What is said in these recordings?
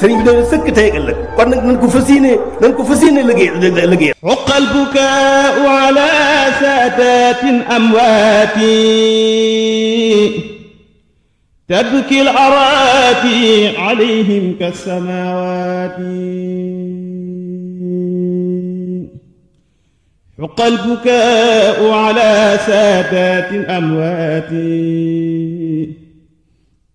sëriñ bi dañu sëkk tey ëllëg kon nag nañ ko fas yéene nañ ko fas yéene liggéey liggéey uqal bukaau ala saadatin amwaati tabki l araati alayhim kasamawaati uqal bukaau ala saadatin amwaati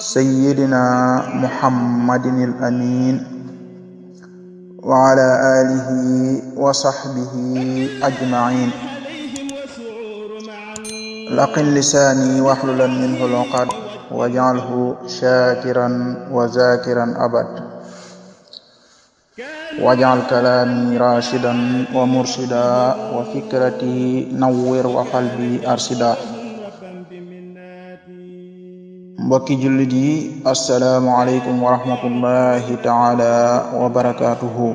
sayyidina muhammadinil amin wa ala alihi wa sahbihi ajma'in laqin lisani wahlulan minhu loqad waj'alhu shakiran wa zakiran abad waj'al kalami rashidan wa mursida wa fikrati nawwir wa qalbi arshida mbokki jullit yi asalaamualeykum wa rahmatullahi taala wa barakaatuhu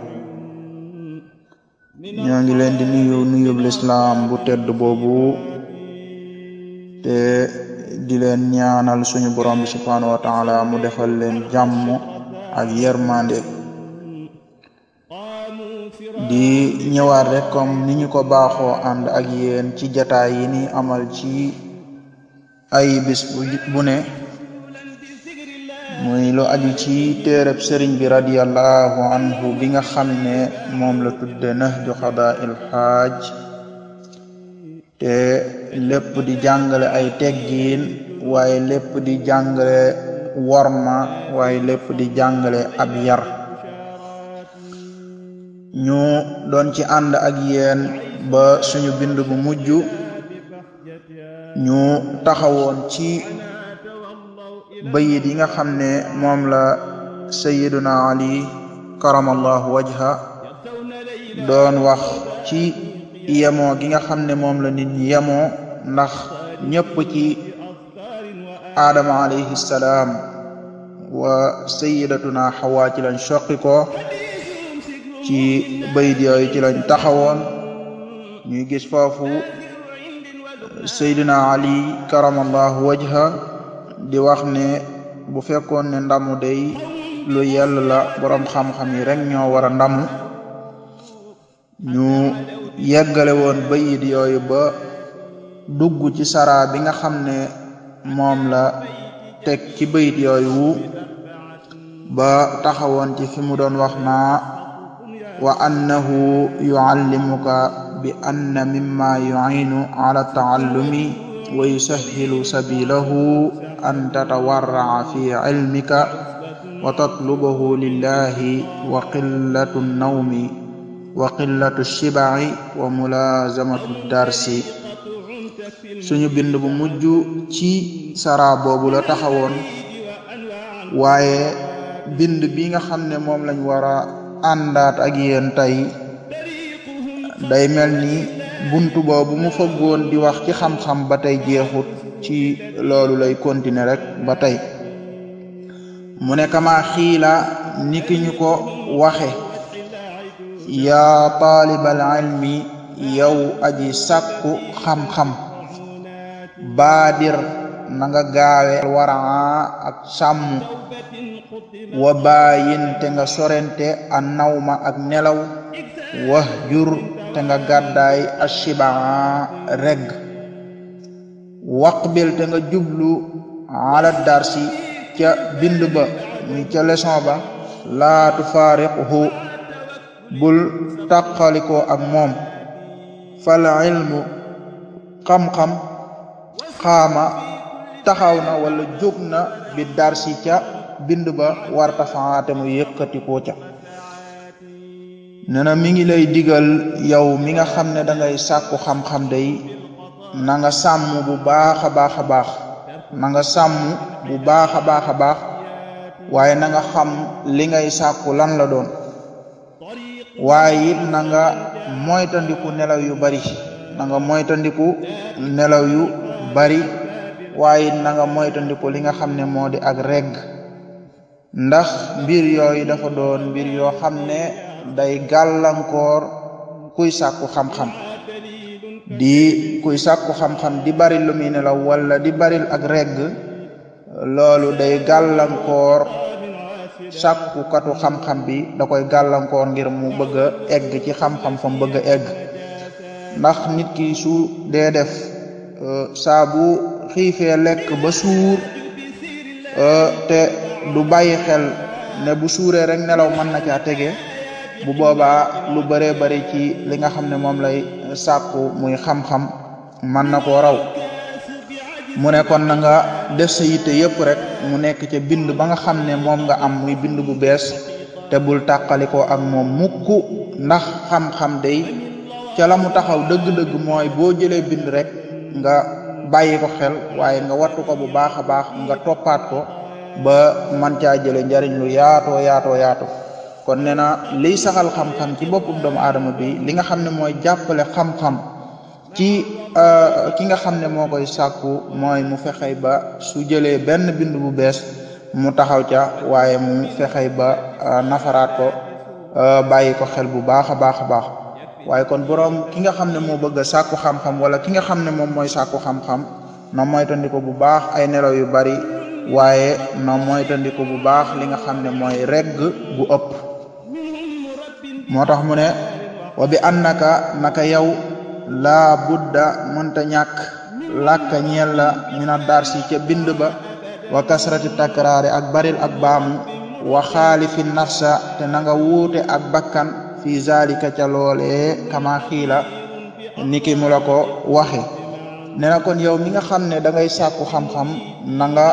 ñoo ngi leen di nuyu nuyub lislaam bu tedd boobu te di leen ñaanal suñu borom bi subhaanahu wa taala mu defal leen jàmm ak yermande di ñëwaat rek comme ni ko baaxoo ànd ak yéen ci jataay yi ni amal ci ay bis bu ne muy lu aju ci téereb sëriñ bi radiallahu anhu bi nga xam ne moom la tudde nahju qadaa'il xaaj te lépp di jàngale ay teggiin waye lépp di jàngale worma waaye lépp di jàngale ab yar ñu doon ci ànd ak yéen ba suñu bind bu mujj ñu taxawoon ci bayit yi nga xam ne moom la sayiduna ali karamallahu waja doon wax ci yemoo gi nga xam ne moom la nit ñi yemoo ndax ñëpp ci aadama alayhi salaam wa sayidatuna xawaa ci lañ soqi ci bayit yooyu ci lañ taxawoon ñuy gis foofu sayiduna ali karamallahu wajha di wax ne bu fekkoon ne ndamu day lu yell la borom xam-xam yi rekk ñoo war a ndamu ñu yeggale woon bayit yooyu ba dugg ci saraa bi nga xam ne moom la teg ci bayit yooyu ba taxawoon ci fi mu doon wax na wa annahu yuallimuka bi anna mimma yuinu ala taallumi wa yusahilu sabilahu an tatawarraa fi ilmika wa tatlubahu lillahi wa qillatu nawmi wa qillatu shibai wa mulazamatu darsi suñu bind bu mujj ci sara boobu la taxawoon waaye bind bi nga xam ne moom lañ war a àndaat ak yéen day mel ni buntu boobu mu fëggoon di wax ci xam-xam ba tey jeexut ci loolu lay continuer rek ba tey mu ne kama xiila niki ñu ko waxe yaa taalibal ilmi yow aji sàkku xam-xam baadir na nga gaawe waraa ak sàmm wa bàyyin te nga sorente a nawma ak nelaw wax jur te nga gàddaay ashibaa regg waqbil te nga jublu ala darsi ca bind ba muy ca leçon ba laatu faariqhu bul tàqalikoo ak moom fal ilmu xam-xam xaama taxaw na wala jóg na bi darsi ca bind ba warta faate mu yëkkatikoo ca nee na mi ngi lay digal yow mi nga xam ne dangay ngay sàkku xam-xam day na nga sàmm bu baax a baax a baax na nga sàmm bu baax a baax a baax waaye na nga xam li ngay sàkku lan la doon waaye it na nga moytandiku nelaw yu bari nanga nga moytandiku nelaw yu bari waaye nanga na nga moytandiku li nga xam ne moo di ak regg ndax mbir yooyu dafa doon mbir yoo xam ne day gàllankoor kuy sàkku xam-xam di kuy sàkku xam-xam di bari lumi nelaw wala di baril ak reg loolu day gàllankoor sàkkukatu xam-xam bi da koy gàllankoor ngir mu bëgg a egg ci xam-xam fa mu bëgg egg ndax nit ki su dee def euh, saa bu xiifee lekk ba suur euh, te du bàyyi xel ne bu suuree rek nelaw mën na caa tege bu boobaa lu bëree bëri ci li nga xam ne moom lay sàkku muy xam-xam mën na koo raw mu ne kon na nga def sa yitte yëpp rek mu nekk ca bind ba nga xam ne moom nga am muy bind bu bees te bul ko ak moom mukk ndax xam-xam day ca la mu taxaw dëgg-dëgg mooy boo jëlee bind rek nga bàyyi ko xel waaye nga wattu ko bu baax a baax nga toppaat ko ba man caa jële njariñ lu yaato yaatoo yaatoo kon nee na liy saxal xam-xam ci boppum doomu aadama bi li nga xam ne mooy jàppale xam-xam ci euh, ki nga xam ne moo koy sàkku mooy mu fexey ba su jëlee benn bind bu bees mu taxaw ca waaye mu fexey ba euh, nafaraat ko euh, bàyyi ko xel bu baax a baax a baax waaye kon borom ki nga xam ne moo bëgg a sàkku xam-xam wala ki nga xam ne moom mooy sàkku xam-xam na moytandi ko bu baax ay nelaw yu bari waaye na moytandi ko bu baax li nga xam ne mooy regg bu ëpp moo tax mu ne wa bi annaka naka yow laa budda mënta ñàkk làkka ñeel la mina darsi ca bind ba wa kasrati takraari ak baril ak baamu wa xaalifi nafsa te na nga wuute ak bakkan fi zalika ca loolee kama xiila niki mu la ko waxe nena kon yow mi nga xam ne dangay ngay sàkku xam-xam na nga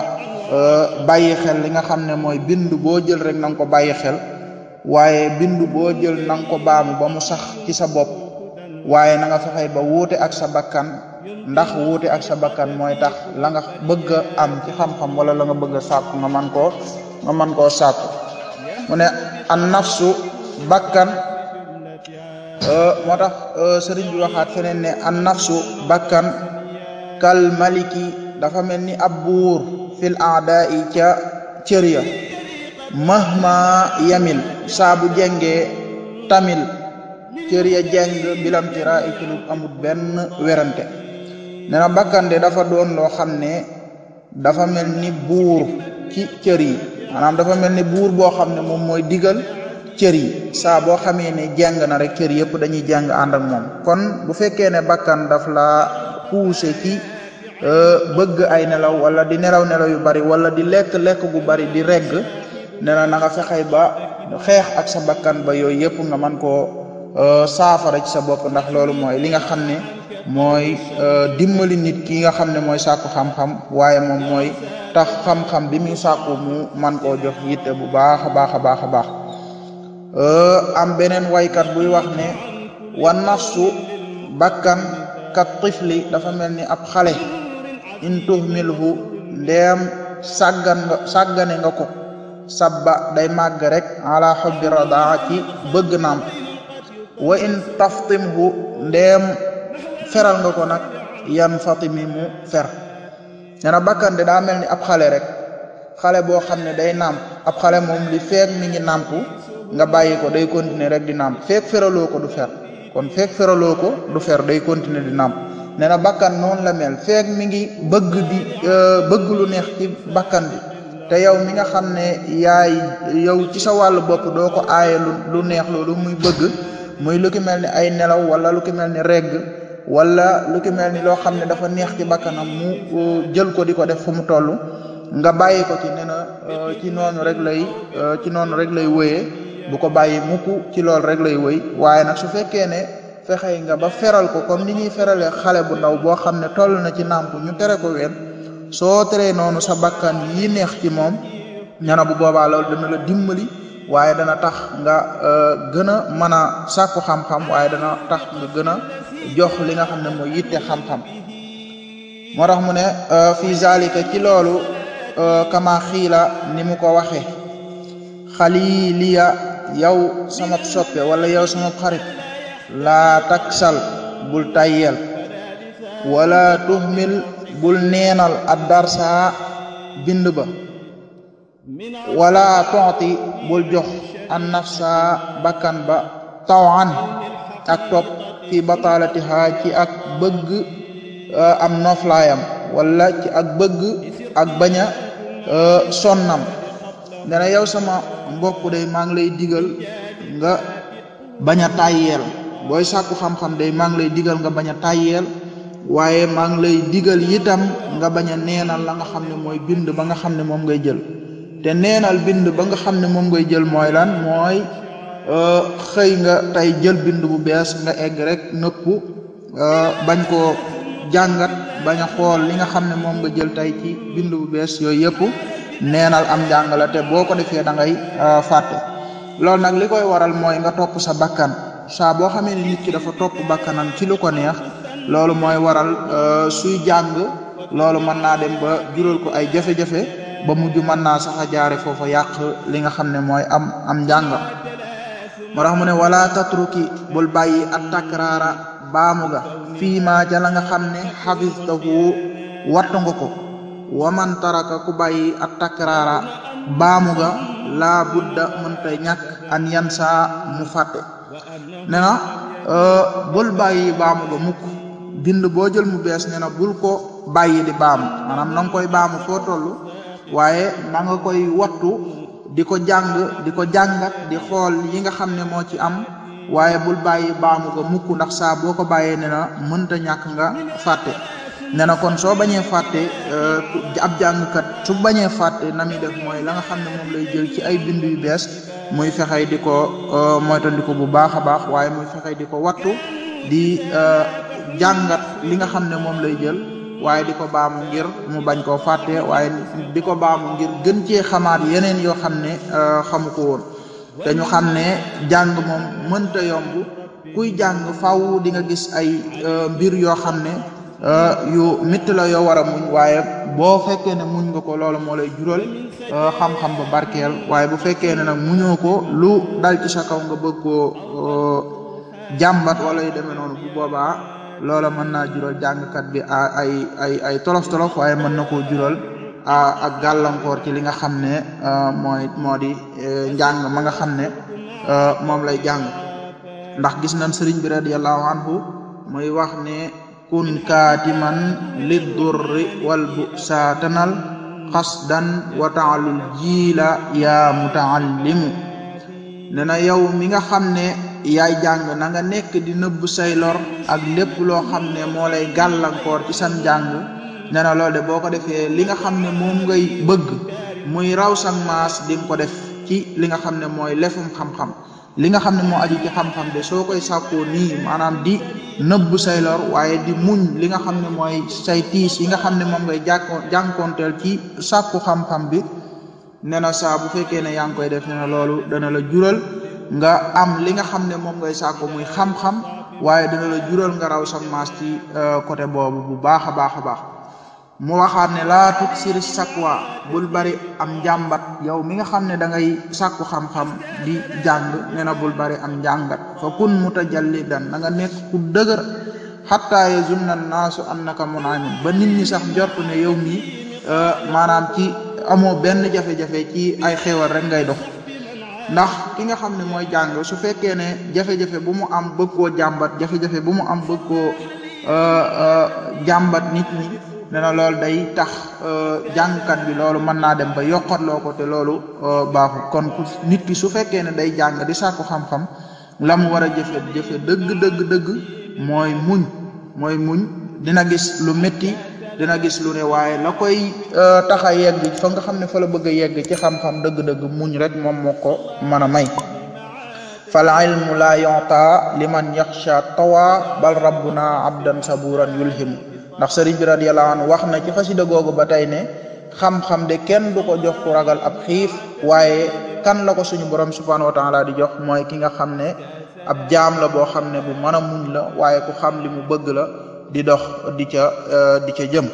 euh, xel li nga xam ne mooy bind boo jël rek na ko bàyyi xel waaye bindu boo jël na nga ko baamu ba mu sax ci sa bopp waaye na nga ba wuute ak sa bakkan ndax wuute ak sa bakkan mooy tax la nga bëgg a am ci xam-xam wala la nga bëgg a sàkku nga man koo nga man koo sàkku mu ne an bakkan euh, moo tax euh, sëriñ bi waxaat ne an bakkan kal maliki dafa mel ni ab buur fil aada yi ca cër mahma yamil saabu bu jengee tamil cër ya jeng bilamtira i ci amul benn werante nee na dafa doon loo xam ne dafa mel ni buur ci cër yi maanaam dafa mel ni buur boo xam ne moom mooy digal cër yi saa boo xamee ne jàng na rek cër yëpp dañuy jàng ànd ak moom kon bu fekkee ne bakkan daf la poussé ci euh, bëgg ay nelaw wala di nelaw nelaw yu bari wala di lekk lekk gu bari di regg nee na na nga fexey ba xeex ak sa bakkan ba yooyu yëpp nga man koo euh, saafara ci sa bopp ndax loolu mooy li nga xam ne mooy euh, dimbali nit ki nga xam ne mooy sàkku xam-xam waaye moom mooy tax xam-xam bi muy sàkku mu man koo jox yitte bu baax a baax a baax a baax euh, am beneen waykat buy wax ne wa nafsu bakkan kat tifli dafa mel ni ab xale in tuhmilhu ndeem sàggan nga sàggane nga ko sabba day màgg rek ala xobbi radaa ci bëgg nàmp wa in taftimhu ndeem feral nga ko nag yan fatimi mu fer nena bakkan de daa mel ni ab xale rek xale boo xam ne day nàmp ab xale moom li feek mi ngi nàmp nga bàyyi ko day continuer rek di nàmp feek feraloo ko du fer kon feek feraloo ko du fer day continuer di nàmp nena bakkan noonu la mel feek mi ngi bëgg di euh, bëgg lu neex ci bakkan bi te yow mi nga xam ne yaay yow ci sa wàll bopp doo ko aaye lu neex loolu muy bëgg muy lu mel ni ay nelaw wala lu ki mel ni regg wala lu mel ni loo xam ne dafa neex ci bakkanam mu jël ko di ko def fu mu toll nga bàyyi ko ci nee na e, ci noonu rek lay e, ci noonu rek lay wéyee bu ko bàyyi mukk ci loolu rek lay woy waaye nag su fekkee ne fexee nga ba feral ko comme ni ñuy feralee xale bu ndaw boo xam ne toll na ci nàmp ñu tere ko wen soo teree noonu sa bakkan yi neex ci moom ñana bu boobaa loolu dana la dimbali waaye dana tax nga euh, gën a mën a sàkku xam-xam waaye dana tax nga gën a jox li nga xam ne mooy yitte xam-xam moo tax mu ne euh, fii zalika ci loolu euh, kama xiila ni mu ko waxee waxe xaliliya yow sama soppe wala yow sama xarit laa sal bul tayyel wala tuhmil bul neenal ad darsa bind ba wala tonti bul jox an nafsa bakkan ba tawan ak topp fi batalatiha ci ak bëgg eh, am noflaayam wala ci ak bëgg ak baña a eh, sonnam dana yow sama mbokk day maa ngi lay digal nga bañ a tàyyeel booy sàkku xam-xam day maa lay digal nga bañ a waaye maa ngi lay digal itam nga bañ a neenal la nga xam ne mooy bind ba nga xam ne moom ngay jël neenal bind ba nga xam ne moom ngay jël mooy lan mooy euh, xëy nga tey jël bind bu bees nga egg rek nëppu euh, bañ ko jàngat bañ a xool li nga xam ne moom nga jël tey ci bind bu bees yooyu yëpp neenal am njàng te boo ko defee dangay ngay euh, fàtte loolu nag li koy waral mooy nga topp sa bakkan saa boo xamee ne nit dafa topp bakkanam ci lu ko neex loolu mooy waral euh, suy jàng loolu mën naa dem ba jural ko ay jafe-jafe ba mujj mën naa sax a jaare foofa yàq li nga xam ne mooy am am njànga moo tax mu ne wala tatruki bul bàyyi at takraara baamu fi fii maa jala nga xam ne xafistahu wattu nga ko waman taraka ku bàyyi at takraara baamu ga laa budda mënta ñàkk an yan saa mu fàtte ne na euh, bul bàyyi baamu bind boo jël mu bees nee bul ko bàyyi di baamu maanaam na koy baamu foo toll waaye na nga koy wattu di ko jàng di ko jàngat di xool yi nga xam ne moo ci am waaye bul bàyyi baamu ko mukk ndax saa boo ko bàyyee ne na mënta ñàkk nga fàtte ne na kon soo bañee fàtte euh, ab jàngkat su bañee fàtte na def mooy la nga xam ne moom lay jël ci ay bind yu bees muy fexey di ko euh, moytandiku bu baax a baax waaye muy fexey di ko wattu di euh, jàngat li nga xam ne moom lay jël waaye di ko baamu ngir mu bañ koo fàtte waaye di ko baamu ngir gën cee xamaat yeneen yoo xam ne euh, xamu ko woon te ñu xam ne jàng moom mënta yomb kuy jàng faw di nga gis ay euh, mbir yoo xam ne euh, yu mitt la yoo war muñ waaye boo fekkee ne muñ nga ko loolu moo lay jural xam-xam ba barkeel waaye bu fekkee ne nag muñoo ko lu dal ci sa kaw nga bëgg koo jàmbat wala yu deme noonu bu boobaa. loola mën naa jural jàngkat bi ay ay ay tolof tolof waaye mën na koo jural ak gàllankoor ci li nga xam ne euh, mooy moo di euh, njàng ma nga xam ne euh, moom lay jàng ndax gis nañ sëriñ bi radiallahu anhu mooy wax ne kun kaatiman li durri wal bu saatanal xasdan wa taalul jiila yaa mutaallimu ne na yow mi nga xam ne yaay jàng na nga nekk di nëbb say lor ak lépp loo xam ne moo lay gàllankoor ci sam jàng ne loolu de boo ko defee li nga xam ne moom ngay bëgg muy raw sang maas di nga ko def ci li nga xam ne mooy lefum xam-xam li nga xam ne moo aju ci xam soo koy sàkkoo nii maanaam di nëbb say waaye di muñ li nga xam ne mooy say tiis yi nga xam ne moom ngay jànko jànkoonteel ci sàkku xam-xam bi ne na saa bu fekkee ne yaa ngi koy def ne loolu dana la jural nga am li nga xam ne moom ngay saako muy xam-xam waaye dina la jural nga raw san ci euh, côté boobu bu baax a baax a baax mu waxaat ne laa tut siri sakwa bul bari am njàmbat yow mi nga xam ne dangay ngay sàkku xam-xam di jàng nee na bul bari am njàngat fa kun mutajallidan na nga nekk ku dëgër xataa yazunna naasu annaka munaamin ba nit ñi sax njort ne yow mii euh, maanaam ci amoo benn jafe-jafe ci ay xewal rek ngay dox ndax ki nga xam ne mooy jàng su fekkee ne jafe-jafe bu mu am bëgg koo jàmbat jafe bu mu am bëgg koo euh, euh, jàmbat nit ñi ne na loolu day tax euh, jàngkat bi loolu mën naa dem ba yokkatloo ko te loolu baaxul kon nit ki su fekkee ne day jàng di sàkku xam-xam la mu war a jëfe jafe dëgg dëgg dëgg mooy muñ mooy muñ dina gis lu metti dina gis lu ne waaye la koy euh, taxa a yegg fa nga xam ne fa la bëgg yegg ci xam-xam dëgg-dëgg muñ rek moom moo ko mën a may fal ilmu la yonta liman yaxsha tawa bal rabbuna abdan saburan yulhimu ndax sëriñ bi radiyallahu anhu wax na ci xasida googu ba tey ne xam-xam de kenn du ko jox ku ragal ab xiif waaye kan la ko suñu borom subhanahu wa taala di jox mooy ki nga xam ne ab jaam la boo xam ne bu mën a muñ la waaye ku xam li mu bëgg la di dox di ca euh, di ca jëm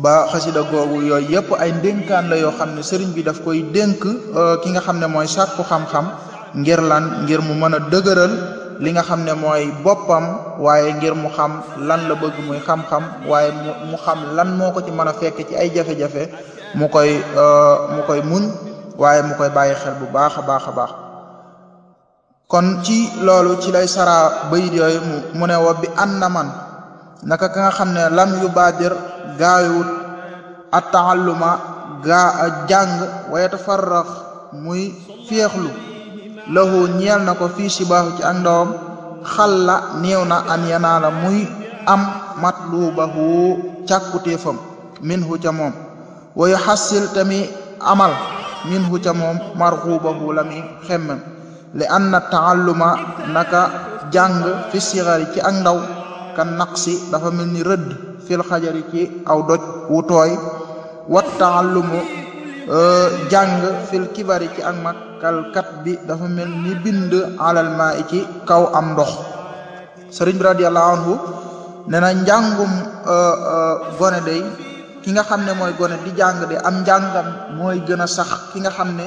ba xasida googu yooyu yëpp ay ndénkaan la yoo xam ne sëriñ bi dafa koy dénk euh, ki nga xam ne mooy sàkku xam-xam ngir lan ngir mu mën a dëgëral li nga xam ne mooy boppam waaye ngir mu xam lan la bëgg muy xam-xam waaye mu xam lan moo ko ci mën a fekk ci ay jafe-jafe mu koy euh, mu koy muñ waaye mu koy bàyyi xel bu baax a baax a baax kon ci loolu ci lay sara bayit yooyu mu ne wa bi an na man naka ka xam ne lam yubaadir gaawewut at taalluma gaa a jàng waaye tafarrax muy féexlu lahu ñeel na ko fii sibaahu ci ak ndawam xalla néew na an yanaa muy am matluubahu càkkutéefam minhu ca moom wa yuxassil tami amal minhu ca moom marxuubahu la mi xemmem li anna taalluma naka jàng fi sigari ci ak ndaw ka naqsi dafa mel ni rëdd fil xajari ci aw doj wu tooy wa euh, jàng fil kibari ci ak mag kalkat bi dafa mel ni bind alal maa i ci kaw am ndox sëriñ bi radiallahu anhu nee na euh, euh, gone day ki nga xam ne mooy gone di jàng de am njàngam mooy gën a sax ki nga xam ne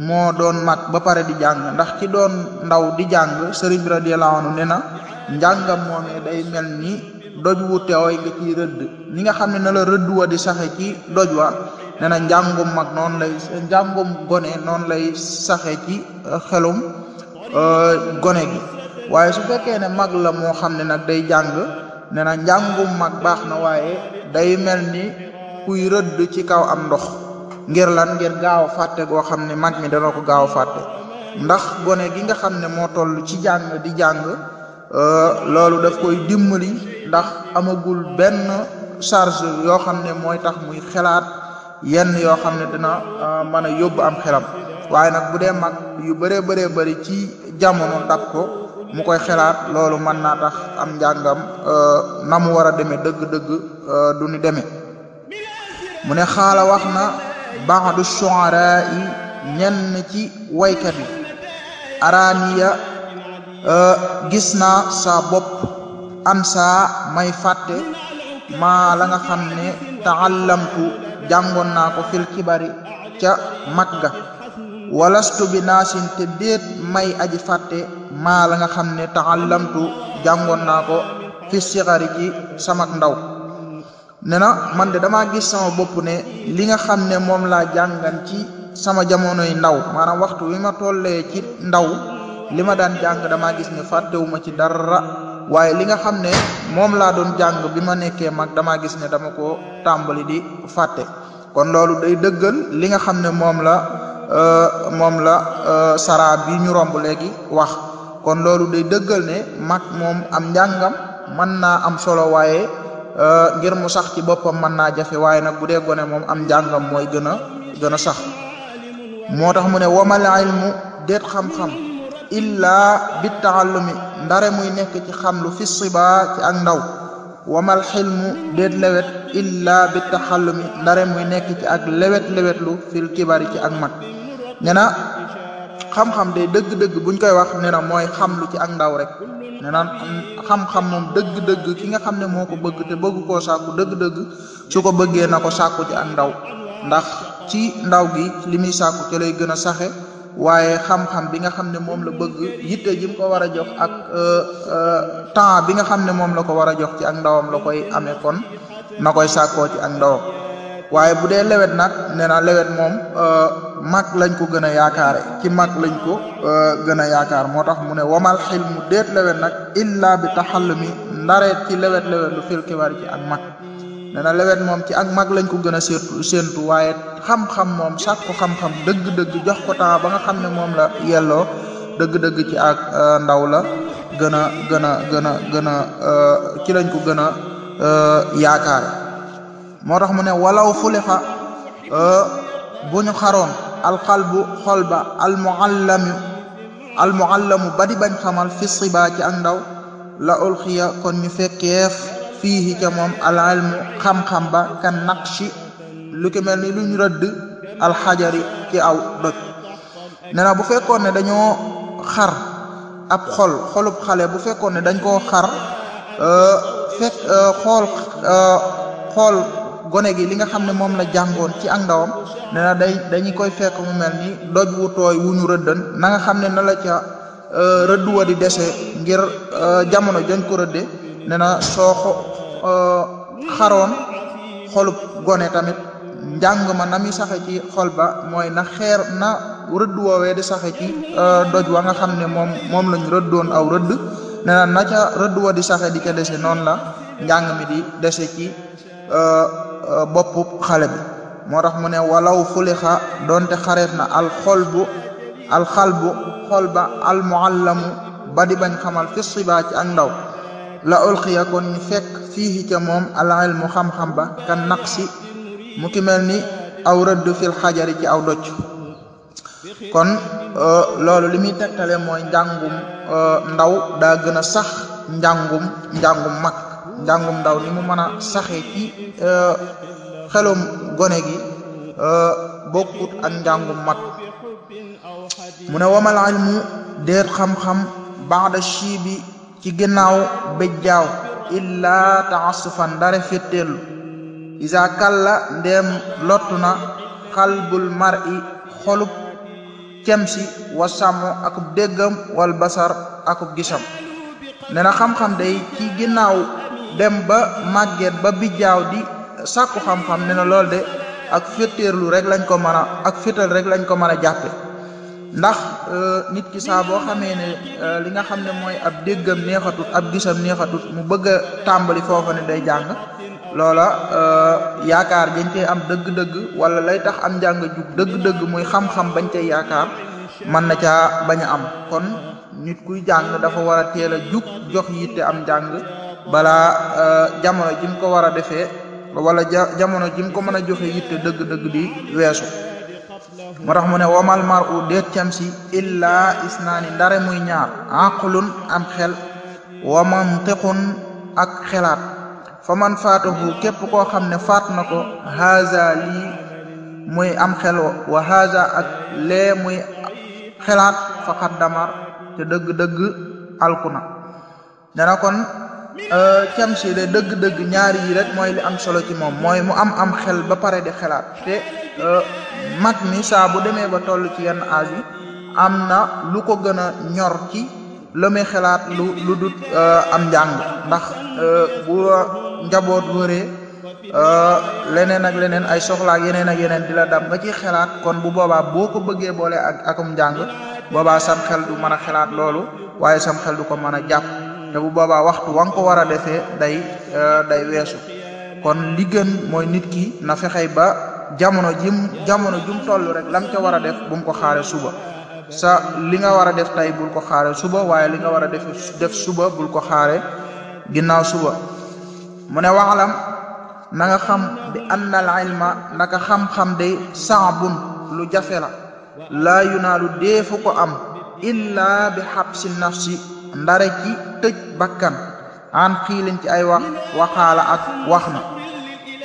moo doon mag ba pare di jàng ndax ci doon ndaw di jàng sëriñ bi radiyallahu anhu ne na njàngam day mel ni doj wu teeway rëdd ni nga xam ne na rëdd wa di saxe ci doj wa ne na njàngum mag noonu lay gone noonu lay saxe ci uh, xelum uh, gone gi waaye su fekkee ne mag la moo xam ne nag day jàng ne na njàngum mag baax na waaye day mel ni kuy rëdd ci kaw am ndox ngir lan ngir gaaw a fàtte goo xam ne mag mi dana ko gaaw a fàtte ndax gone gi nga xam ne moo toll ci jàng di jàng euh, loolu daf koy dimbali ndax amagul benn charge yoo xam ne mooy tax muy xelaat yenn yoo xam ne dana euh, mën a yóbbu am xelam waaye nag bu dee mag yu bëree bëree bëri ci jamono dab ko mu koy xelaat loolu mën naa tax am njàngam euh, na mu war a demee dëgg-dëgg du ni demee mu ne xaala wax na baadu shuaraa yi ñenn ci waykat yi araaniya euh, gis naa sa bopp ansa may fàtte maa la nga xam ne taallamtu jàngoon naa ko fil kibari ca mag ga wala bi naasin te déet may aji fàtte maa la nga xam ne taallamtu jàngoon naa ko fi sigari ci samak ndaw ne na man de damaa gis sama bopp ne li nga xam ne moom laa jàngan ci sama jamonoy ndaw maanaam waxtu wi ma tollee ci ndaw li ma daan jàng damaa gis ne fàttewu ci dara waaye li nga xam ne moom laa doon jàng bi ma nekkee mag damaa gis ne dama ko tàmbali di fàtte kon loolu day dëggal li nga xam ne moom la euh, moom la euh, saraa bi ñu romb léegi wax kon loolu day dëggal ne mag moom am njàngam mën naa am solo waaye Euh, ngir mu sax ci boppam mën naa jafe waaye nag bu dee gone moom am njàngam mooy gën a gën a sax moo tax mu ne wamal ilmu déet xam-xam illaa bi taallumi ndare muy nekk ci xam lu fi siba ci ak ndaw wamal xilmu déet lewet illaa bi taxallumi ndare muy nekk ci ak lewet lewetlu fil kibari ci ak mag nee xam-xam de dëgg-dëgg buñ koy wax nee mooy xamlu ci ak ndaw rek nee naan xam-xam moom dëgg-dëgg ki nga xam ne moo ko bëgg te bëgg koo sàkku dëgg-dëgg su ko bëggee na ko sàkku ci ak ndaw ndax ci ndaw gi li muy sàkku ci lay gën a saxe waaye xam-xam bi nga xam ne moom la bëgg yitte ji ko war a jox ak euh, euh, temps bi nga xam ne moom la ko war a jox ci ak ndawam la koy amee kon na koy sàkkoo ci ak ndawam waaye bu dee lewet nag nee naa lewet moom euh, mag lañ ko gën a yaakaare ci mag lañ ko euh, gën a yaakaar moo tax mu ne wamal xil mu déet lewet nag illa bi taxal mi ndareet ci lewet lewet lu fil kibaar ci ak mag nee na lewet moom ci ak mag lañ ko gën a séentu séentu waaye xam-xam moom sàkku xam-xam dëgg-dëgg jox ko temps ba nga xam ne moom la yelloo dëgg-dëgg ci ak euh, ndaw la gën a gën a gën a gën a ci lañ ko gën a yaakaare moo tax mu ne walaw xuliqa euh, bu ñu xaroon alqalbu xol ba almuallamu mu ba di bañ xamal fi siba ci ak ndaw la ulxiya kon ñu fekkeef fiihi ca moom alilmu xam-xam ba kan naqshi lu ki mel ni lu ñu rëdd alxajari ci aw doj nee na bu fekkoon ne dañoo xar ab xol xolub xale bu fekkoon ne dañ koo xar euh, fekk euh, xool gone gi li nga xam ne moom la jàngoon ci ak ndawam nee na day dañu koy fekk mu mel ni doj wu tooy wu ñu rëddan na nga xam ne na la ca euh, rëdd wa di dese ngir euh, jamono joñ ko rëdde nee soo ko euh, xaroon xolub gone tamit njàng ma na muy saxe ci ba mooy na xeer na rëdd woowee di saxe ci doj wa nga xam ne moom moom lañ rëddoon aw rëdd nee na ca rëdd wa di saxe di ca dese noonu la njàng mi di dese ci Euh, euh, boppu xale bi moo tax mu ne walaw fulixa donte xareef na alxolbu alxalbu xol ba almuallamu ba di bañ xamal fi sibaa ci ak ndaw la ulxiya kon ñu fekk fii ca moom al mu xam-xam ba kan naqsi mu ki mel ni aw rëdd fil xajari ci aw docc kon euh, loolu li muy tegtale mooy njàngum ndaw daa gën a sax njàngum njàngum mag njàngum ndaw ni mu mën a saxe ci euh, xelum gone gi euh, bokkut ak njàngum mat mu ne wamal ilmu déet xam-xam baada chi bi ci ginnaaw béjjaaw illaa taasufan dara fetteelu isa kalla ndeem lottu na xalbul mar i xolub cemsi wa sàmm akub déggam wal basar akub gisam ne na xam-xam day ci ginnaaw dem ba màgget ba bijjaaw di sàkku xam-xam ne na lool de ak féttéerlu rek lañ ko mën a ak fétal rek lañ ko mën a jàppe ndax euh, nit ki saa boo xamee ne euh, li nga xam ne mooy ab déggam neexatut ab gisam neexatut mu bëgg tàmbali foofa ne day jàng loola euh, yaakaar dañ cey am dëgg-dëgg wala lay tax am njàng jug dëgg-dëgg muy xam-xam bañ cey yaakaar mën na caa bañ a am kon nit kuy jàng dafa war a teel a jug jox yitte am njàng balaa euh, jamono ji ko war a defee wala jamono ji ko mën a joxe yitte dëgg-dëgg di weesu moo tax mu ne wamal mar u deet cam si illaa ndare muy ñaar aqlun am xel wa mantiqun ak xelaat fa man faatahu képp koo xam ne faat na ko haza muy am xel wa haza ak lee muy xelaat faqat damar te dëgg-dëgg alku na kon Euh, Thiamside dëgg-dëgg ñaar yi rek mooy li am solo ci moom mooy mu am am xel ba pare di xelaat te euh, mag mi saa bu demee ba toll ci yenn âge yi am na lu ko gën a ñor ci la xelaat lu lu dut euh, am njàng ndax bu njaboot wëree leneen ak leneen ay soxla yeneen ak yeneen di la dam ba ciy xelaat kon bu boobaa boo ko bëggee boole ak akum njàng boobaa sam xel du mën a xelaat loolu waaye sam xel du ko mën a jàpp te bu boobaa waxtu wa nga ko war a defee day euh, day weesu kon li gën mooy nit ki na fexey ba jamono jim jamono jum toll rek lam ca war a def bu ko xaare suba sa li nga war a def tey bul ko xaare suba waaye li nga war a def def suba bul ko xaare ginnaaw suba mu ne waxalam na nga xam bi anna al ilma naka xam-xam day saabun lu jafe la laa yunaalu deefu ko am illa bi xabsi nafsi ndare ci tëj bakkan an xiilin ci ay wax waxaala ak wax na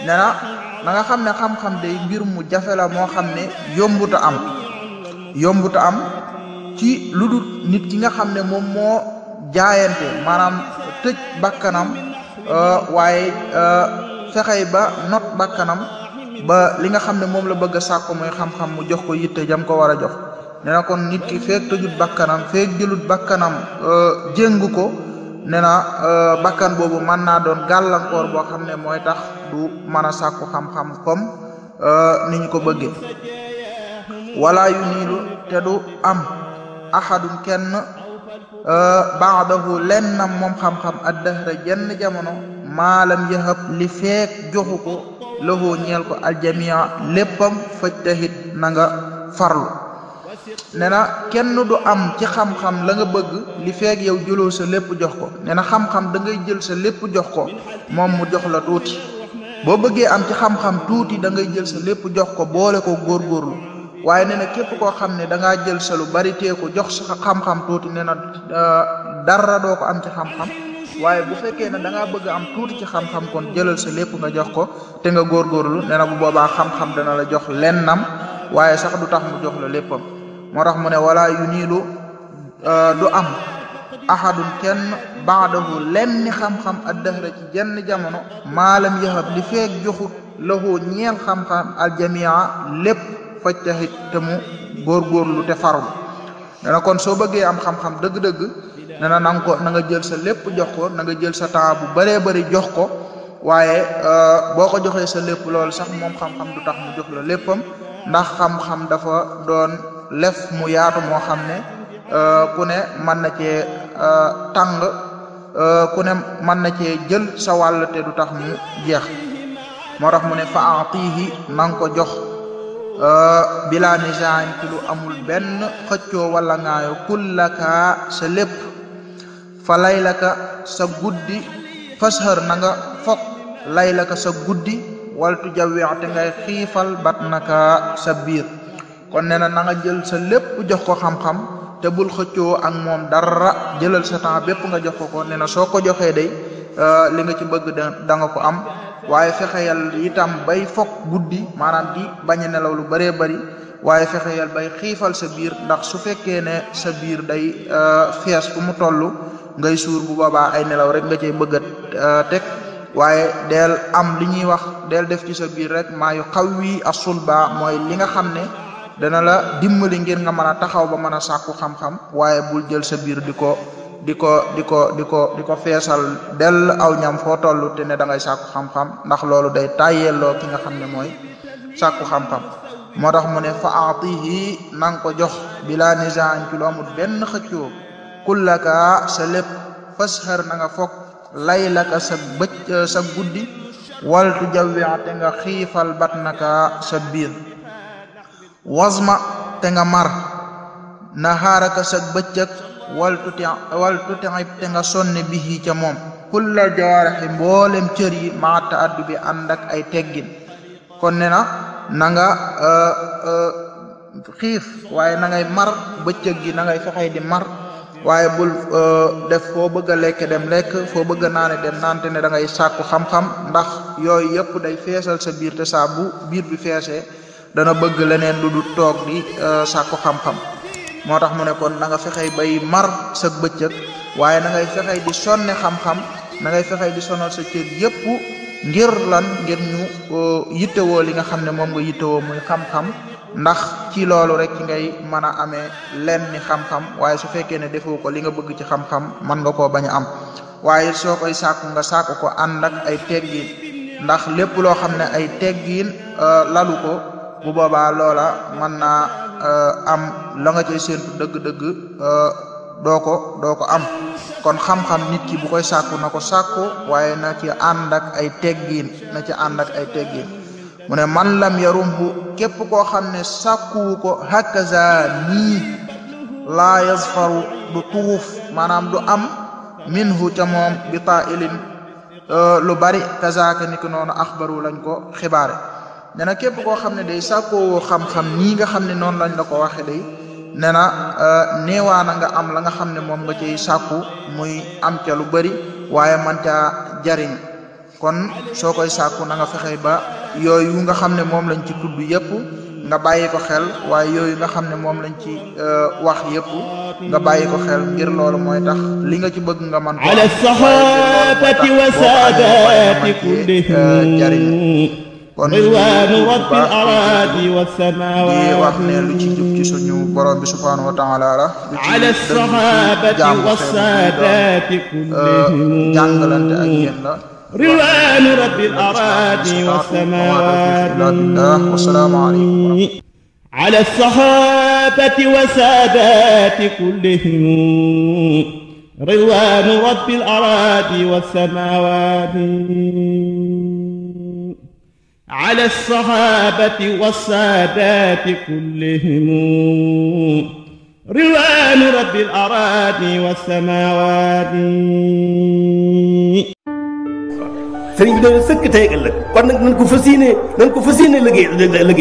ne na nga xam ne xam-xam day mbir mu jafe la moo xam ne yombuta am yombuta am ci lu dul nit ki nga xam ne moom moo jaayante maanaam tëj bakkanam euh, waaye euh, fexey ba not bakkanam ba li nga xam ne moom la bëgg a sàkko mooy xam-xam mu jox ko yitte jam ko war a jox nee kon nit ki feeg tëjut bakkanam feeg jëlut bakkanam euh, jéngu ko nee na euh, bakkan boobu mën naa doon gàllankoor boo xam ne mooy tax du mën a sàkku xam-xam comme euh, niñ ko bëggee wala yu niilu te du am ahadun kenn baadahu lennam moom xam-xam addahra jenn jamono maalam yahab li feek joxu ko lahu ñeel ko aljamia léppam fajtahit na nga farlu ne na kenn du am ci xam-xam la nga bëgg li feeg yow jëloo sa lépp jox ko ne na xam-xam da ngay jël sa lépp jox ko moom mu jox la tuuti boo bëggee am ci xam tuuti da ngay jël lépp jox ko boole ko góorgóorlu waaye nee na képp koo xam ne da jël sa lu bari teeku jox sa xam-xam tuuti nee na euh, dara doo ko am ci xam-xam waaye bu fekkee ne da ngaa bëgg am tuuti ci xam-xam kon jëlal sa lépp nga jox ko te nga góor nee na bu boobaa xam-xam dana la jox lennam waaye sax du tax mu jox la léppam moo rax mu ne wala yu niilu euh, du am ahadun kenn baadahu lenn xam-xam addahra ci jenn jamono maalam yahab li feek joxut lahu ñeel xam-xam aljamia lépp fajtahit te mu góorgóorlu te farlu dana kon soo bëggee am xam-xam dëgg-dëgg nana na nga jël sa lépp jox ko na nga jël sa temps bu bëree bëri jox ko waaye euh, boo ko joxee sa lépp loolu sax moom xam-xam du tax mu jox la léppam ndax xam-xam dafa doon lef mu yaatu moo xam ne euh, ku ne mën na cee euh, tàng euh, ku ne mën na cee jël sa wàll tax mu jeex moo tax mu ne fa atihi na nga ko jox bila nisaan ci lu amul benn xëccoo wala ngaayo kullaka sa lépp fa laylaka sa guddi fashër na nga fokk laylaka sa guddi waltu jawweex te ngay xiifal bat naka sa biir kon nee na na jël sa lépp jox ko xam-xam te bul xëccoo ak moom dara jëlal sa temps bépp nga jox ko ko nee na soo ko joxee day euh, li nga ci bëgg da nga ko am waaye fexeyal itam bay fokk guddi maanaam di bañ a nelaw lu bëree bari waaye fexeyal bay xiifal sa biir ndax su fekkee ne sa biir day euh, fees fu mu toll ngay suur bu boobaa ay nelaw rek nga cay bëgg a euh, teg waaye deel am li ñuy wax del def ci sa biir rek maa yu xaw wi asulba mooy li nga xam ne dana la dimbali ngir nga mën a taxaw ba mën a sàkku xam-xam waaye bul jël sa biir di ko di ko di ko di ko di ko feesal dell aw ñam foo toll te ne da xam-xam ndax loolu day tàyyeeloo ki nga xam ne mooy sàkku xam-xam moo tax mu ne fa aatihi na nga ko jox bila nizaan ci lu amul benn xëccoo kullaka sa lépp fashar na nga foog laylaka sa bëcc sa guddi waltu jawwiate nga xiifal batnaka sa biir wasma te nga mar nahaaraka sag bëccëg wal tuti wal tutixib te nga sonne bihi ca moom kulla jawaaraxi mboolem cër yi ma ta addu bi ànd ay teggin kon ne na na nga euh, euh, xiif waaye na ngay mar bëccëg gi na ngay fexey di mar waaye bul euh, def foo bëgg a lekk dem lekk foo bëgg a naane dem naante ne da ngay sàkku xam-xam ndax yooyu yëpp day feesal sa biir te saa bu biir bi feesee dana bëgg leneen lu du toog di euh, sàkku xam-xam moo tax mu ne kon na nga fexey bay mar sa bëccëg waaye na ngay fexey di sonne xam-xam na ngay fexey di sonal sa cër yépp ngir lan ngir ñu euh, yittewoo li nga xam ne moom nga yittewoo muy xam-xam ndax ci loolu rek ngay mën a amee lenn ni xam-xam waaye su fekkee ne defoo ko li nga bëgg ci xam-xam mën nga koo bañ a am waaye soo koy sàkku nga sàkku ko ànd ay teggiin ndax lépp loo xam ne ay teggiin euh, lalu ko bu boobaa loola mën naa euh, am la nga cay séentu dëgg-dëgg euh, doo ko doo ko am kon xam-xam nit ki bu koy sàkku na ko sàkku waaye na ci ànd ak ay teggiin na ci ànd ak ay teggiin mu ne man lam yarumhu képp koo xam ne sàkkuwu ko hakaza nii laa yazfaru du tuuf maanaam du am minhu ca moom bi ilin euh, lu bari kazaaka ni ki noonu axbaru lañ ko xibaare nee na képp koo xam ne day sàkkoowoo xam-xam nii nga xam ne noonu lañ la ko waxe day nee na euh, neewaana nga am la nga xam ne moom nga cay sàkku muy am ca lu bari waaye man caa jariñ kon soo koy sàkku na nga fexe ba yooyu nga xam ne moom lañ ci tudd yépp nga bàyyi ko xel waaye yooyu nga xam ne moom lañ ci euh, wax yépp nga bàyyi ko xel ngir loolu mooy tax li nga ci bëgg nga man ko kon di wax ne lu ci jub ci suñu borom bi subhaanahu wa taala la lu ci jaamu euh, jàngalante ak yéen la ridwaanu rabbil araadi wassamawaati wasalaamaaleykum ala saxaabati wa saadaati kullihim ridwaanu rabbil araadi wassamawaati على الصحابة والسادات كلهم روان رب الأراضي والسماوات sëriñ bi dana sëkk tey ëllëg kon nag nañ ko fas yéene nañ ko fas yéene liggéey liggéey